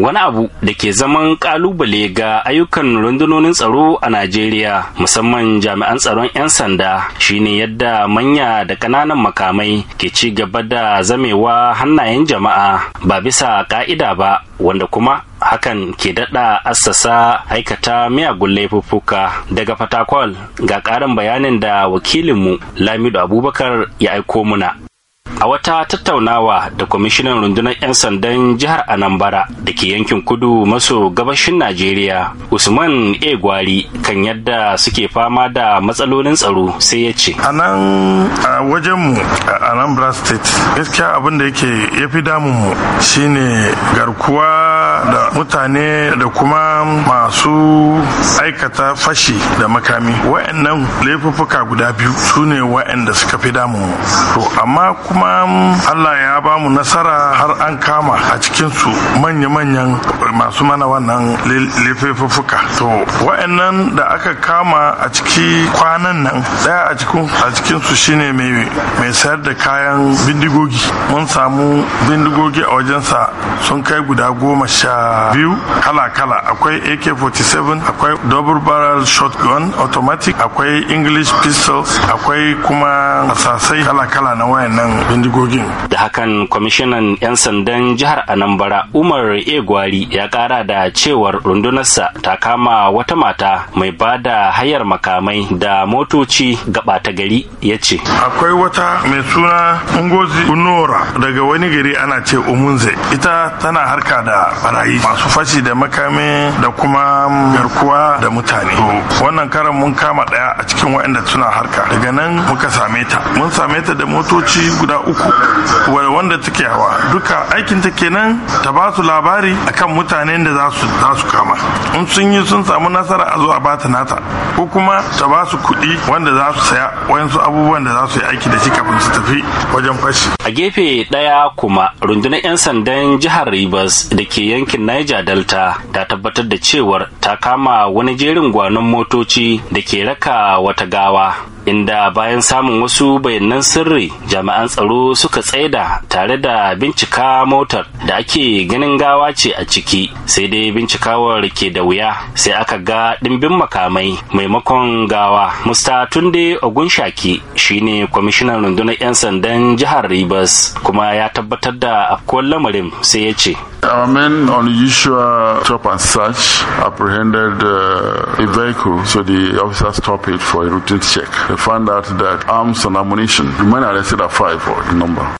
wani abu da ke zaman kalubale ga ayyukan rundunonin tsaro a najeriya musamman jami'an tsaron 'yan sanda shine yadda manya da ƙananan makamai ke ci gaba da zamewa hannayen jama'a ba bisa ka'ida ba wanda kuma hakan ke daɗa assasa aikata miyagun laifuffuka daga fatakwal ga ƙarin bayanin da wakilinmu Lamidu abubakar ya aiko muna a wata tattaunawa da kwamishinan rundunar 'yan sandan jihar anambara da ke yankin kudu maso gabashin najeriya usman e gwari kan yadda suke fama da matsalolin tsaro sai ya ce a nan wajenmu a anambra state gaskiya abin da yake ya fi damunmu shine garkuwa da mutane da kuma masu aikata fashi da makami wa'annan laifuffuka guda biyu su ne wa'anda suka fi damu to amma kuma allah ya ba mu nasara har an kama a cikinsu manya-manyan masu mana wannan laifuffuka to wa'annan da aka kama a ciki kwanan nan daya a cikin a cikinsu shine mai sayar da kayan bindigogi mun samu bindigogi a wajensa sun kai guda goma sha a biyu kala-kala akwai ak-47 akwai double barrel shotgun automatic akwai english pistols akwai kuma asasai kala-kala na wayannan bindigogin da hakan kwamishinan 'yan sandan jihar anambra umar egwari ya kara da cewar rundunarsa ta kama wata mata mai ba da hayar makamai da motoci gabata gari ya ce akwai wata mai suna ngozi unora daga wani gari ana ce umunze ita tana harka da barayi masu fashi da makami da kuma garkuwa da mutane wannan karan mun kama daya a cikin waɗanda suna harka daga nan muka same ta mun same ta da motoci guda uku wanda take hawa duka aikin ta kenan ta ba su labari akan mutanen da za su kama in sun yi sun samu nasara a zo a bata nata ko kuma ta ba su kuɗi wanda za su saya wayansu abubuwan da za su yi aiki da shi kafin su tafi wajen fashi a gefe daya kuma rundunar 'yan sandan jihar rivers da ke yankin yankin Niger Delta ta tabbatar da cewar ta kama wani jerin gwanon motoci da ke raka wata gawa. inda bayan samun wasu bayanan sirri jami'an tsaro suka tsaida tare da bincika motar da ake ganin gawa ce a ciki sai dai bincikawar ke da wuya sai aka ga ɗimbin makamai maimakon gawa musta tunde ogunshaki shine kwamishinan rundunar 'yan sandan jihar rivers kuma ya tabbatar da afkuwar lamarin sai ya ce Our men on usual stop and search apprehended uh, a vehicle, so the officers stopped it for a routine check. find out that arms and ammunition, the men arrested are five in number.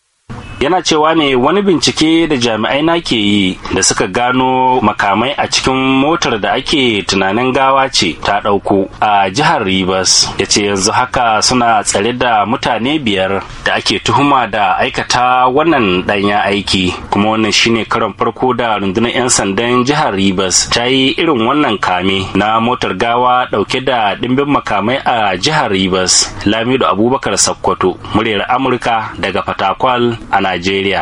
yana cewa ne wani bincike da jami'ai na ke yi da suka gano makamai a cikin motar da ake tunanin gawa ce ta ɗauko a jihar Rivers ya ce yanzu haka suna tsare da mutane biyar da ake tuhuma da aikata wannan ɗanya aiki kuma wannan shine karon farko da rundunar 'yan sandan jihar Rivers ta yi irin wannan kame na motar gawa ɗauke da ɗimbin makamai a jihar Rivers Lamido Abubakar Sakkwato muryar Amurka daga Fatakwal a Nigeria